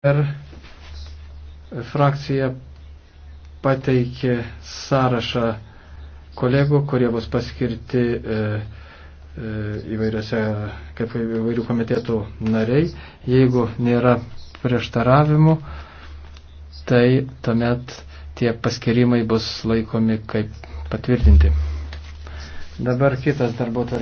Ir frakcija pateikė sąrašą kolegų, kurie bus paskirti e, e, įvairiose, kaip įvairių komitetų nariai. Jeigu nėra prieštaravimų, tai tuomet tie paskirimai bus laikomi kaip patvirtinti. Dabar kitas darbo tvarkymas.